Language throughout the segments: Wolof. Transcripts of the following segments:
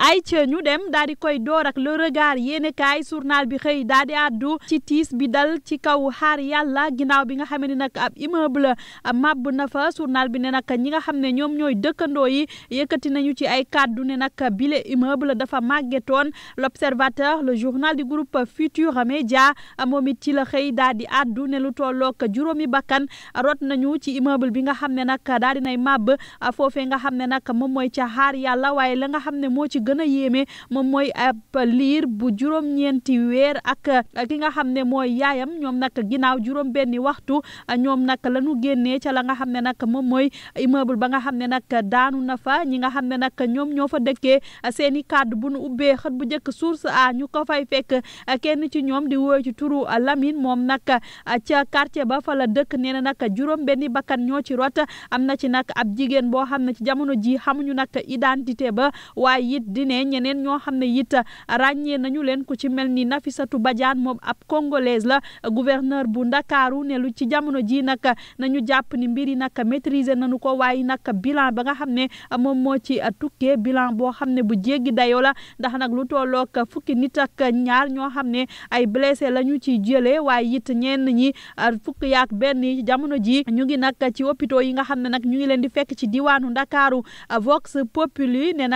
ayca ñu dem daal di koy door ak le regard yéene kaay journal bi xëy daal di àddu ci tiis bi dal ci kaw xaar yàlla ginnaaw bi nga xam ne nag ab immeuble màbb na fa journal bi ne nag ñi nga xam ne ñoom ñooy dëkkandoo yi yëkkati nañu ci ay kàddu ne nag bile immeuble dafa màggetoon l'observateur le journal di groupe Futur Média moom it ci la xëy daal di àddu ne lu tollook juróomi bakkan rot nañu ci immeuble bi nga xam ne nag daal di nay màbb nga xam ne nag moom mooy ca xaar yàlla waaye la nga xam ne moo ci gën a yéeme moom mooy ab liir bu juróom-ñeenti weer ak ki nga xam ne mooy yaayam ñoom nag ginnaaw juróom-benni waxtu ñoom nag la ñu génnee ca la nga xam ne nag moom mooy immeuble ba nga xam ne nag daanu na fa ñi nga xam ne nag ñoom ñoo fa dëkkee seen i kàddu bu nu ubbee xët bu njëkk source a ñu ko fay fekk kenn ci ñoom di woy ci turu a Lamine moom nag ca quartier ba fala dëkk nee na nag juróom-benni bakkan ñoo ci rot am na ci nag ab jigéen boo xam ne ci jamono ji xamuñu nag identité ba di ne ñeneen ñoo xam ne it ràññee nañu leen ko ci mel ni Nafissatou bajaan moom ab congolaise la gouverneur bu Ndakaaru ne lu ci jamono ji nag nañu jàpp ni mbir yi nag maîtriser nañu ko waaye nag bilan ba nga xam ne moom moo ci tukkee bilan boo xam ne bu jéggi dayoo la ndax nag lu tollook fukki nit ak ñaar ñoo xam ne ay blessé la ñu ci jëlee waaye it ñeen ñi fukki yaak benn yi jamono ji ñu ngi nag ci hôpitaux yi nga xam ne nag ñu ngi leen di fekk ci diwaanu Ndakaaru Vox Populi ne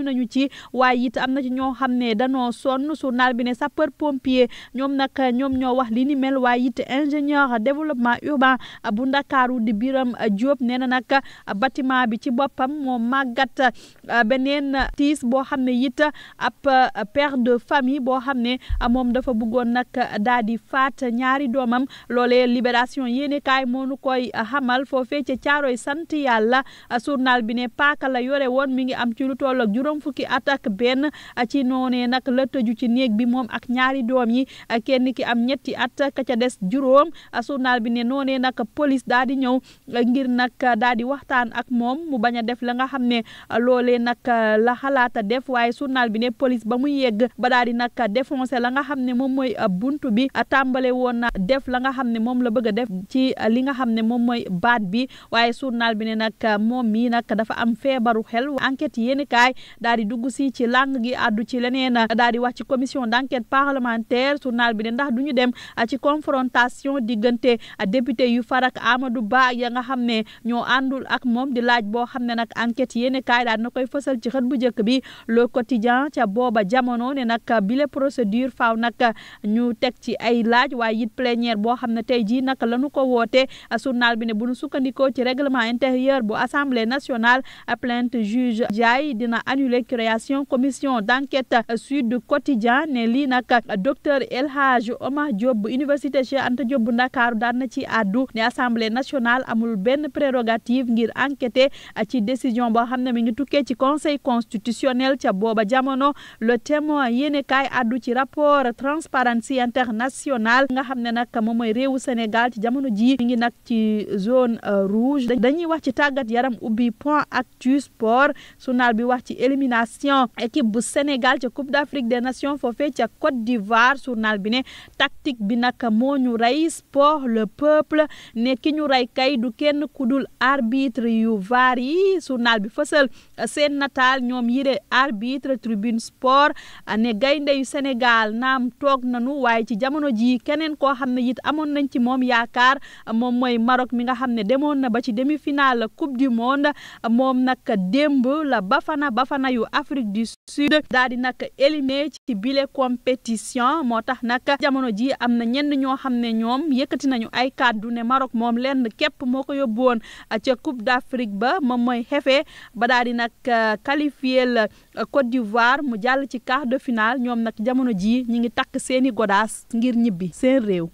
feeñu nañu ci waaye am na ci ñoo xam ne danoo sonn journal bi ne sapeur pompier ñoom nag ñoom ñoo wax li ni mel waaye it ingénieur développement urbain bu ndakaaru di Biram Diop nee na nag batiment bi ci boppam moom màggat euh, beneen tiis boo xam ne it ab euh, père de famille boo xam ne moom dafa buggoon nag daal di faat ñaari doomam loolee libération yéene kaay moo nu koy xamal foofee ca caaroy sant yàlla euh, journal bi ne paaka la yore woon mi am ci lu juróom fukki at benn a ah, ci noonee nag la tëju ci néeg bi moom ak ñaari doom yi ah, kenn ki am ñetti at ah, ca des juróom journal bi ne noonee nag police daal di ñëw ngir nag daal di waxtaan ak moom mu bañ a def la nga xam ne loolee nag la xalaata def waaye journal bi ne police ba mu yegg ba daal di nag défoncé la nga xam ne moom mooy buntu bi tàmbale woon na def la nga xam ne moom la bëgg a def ci li nga xam ne moom mooy baat bi waaye journal bi ne nag moom mii nag dafa am feebaru xel enquête yéen kaay daal di dugg si ci lang gi àddu ci leneen daal di wax ci commission d' enquête parlementaire journal bi ne ndax du ñu dem ah, ci confrontation diggante ah, député yu farak Amadou Ba ya nga xam ne ñoo àndul ak moom di laaj boo xam ne nag enquête yéene kaay daal na koy fësal ci xët bu njëkk bi le quotidien ca booba jamono ne nag bile procédure faw nag ñu teg ci ay laaj waaye it boo xam ne tey jii nag lañu ko woote journal bi ne bu ñu sukkandikoo ci règlement intérieur bu assemblée annulé création commission d' enquête Sud Quotidien ne lii nag docteur El Hadj Omar Diop bu université Cheikh Anta Diop bu Ndakaaru daan na ci àddu ne assemblée national amul benn prérogative ngir enquêter ci décision boo xam ne mi ngi tukkee ci conseil constitutionnel ca booba jamono le témoin yéene kaay àddu ci rapport Transparency International nga xam ne nag moom mooy réewu Sénégal ci jamono ji ngi nag ci zone euh, rouge dañuy wax ci tàggat yaram ubbi point actu sport journal bi wax élimination équipe bu Sénégal ca Coupe d'Afrique des Nations foofee ca Côte d'Ivoire journal bi ne tactique bi nag moo ñu rey sport le peuple ne ki ñu rey kay du kenn kudul arbitre yu VAR yi journal bi fësal seen nataal ñoom yire arbitre tribune sport ne gaynde yu Sénégal naam toog nanu waaye ci jamono ji keneen koo xam ne it amoon nañ ci moom yaakaar moom mooy Maroc mi nga xam ne demoon na ba ci demi-finale final Coupe du Monde moom nag démb la Bafana Bafana soxna yu Afrique du Sud daal di nag éliminé ci bile compétition moo tax nag jamono ji am na ñenn ñoo xam ne ñoom yëkkati nañu ay kàddu ne Maroc moom lenn képp moo ko yóbbu woon ca Coupe d'Afrique ba moom mooy xefe ba daal di nag euh, qualifié la euh, Côte d'Ivoire mu jàll ci quart de finale ñoom nag jamono ji ñi ngi takk seeni godaas ngir ñibbi seen réew.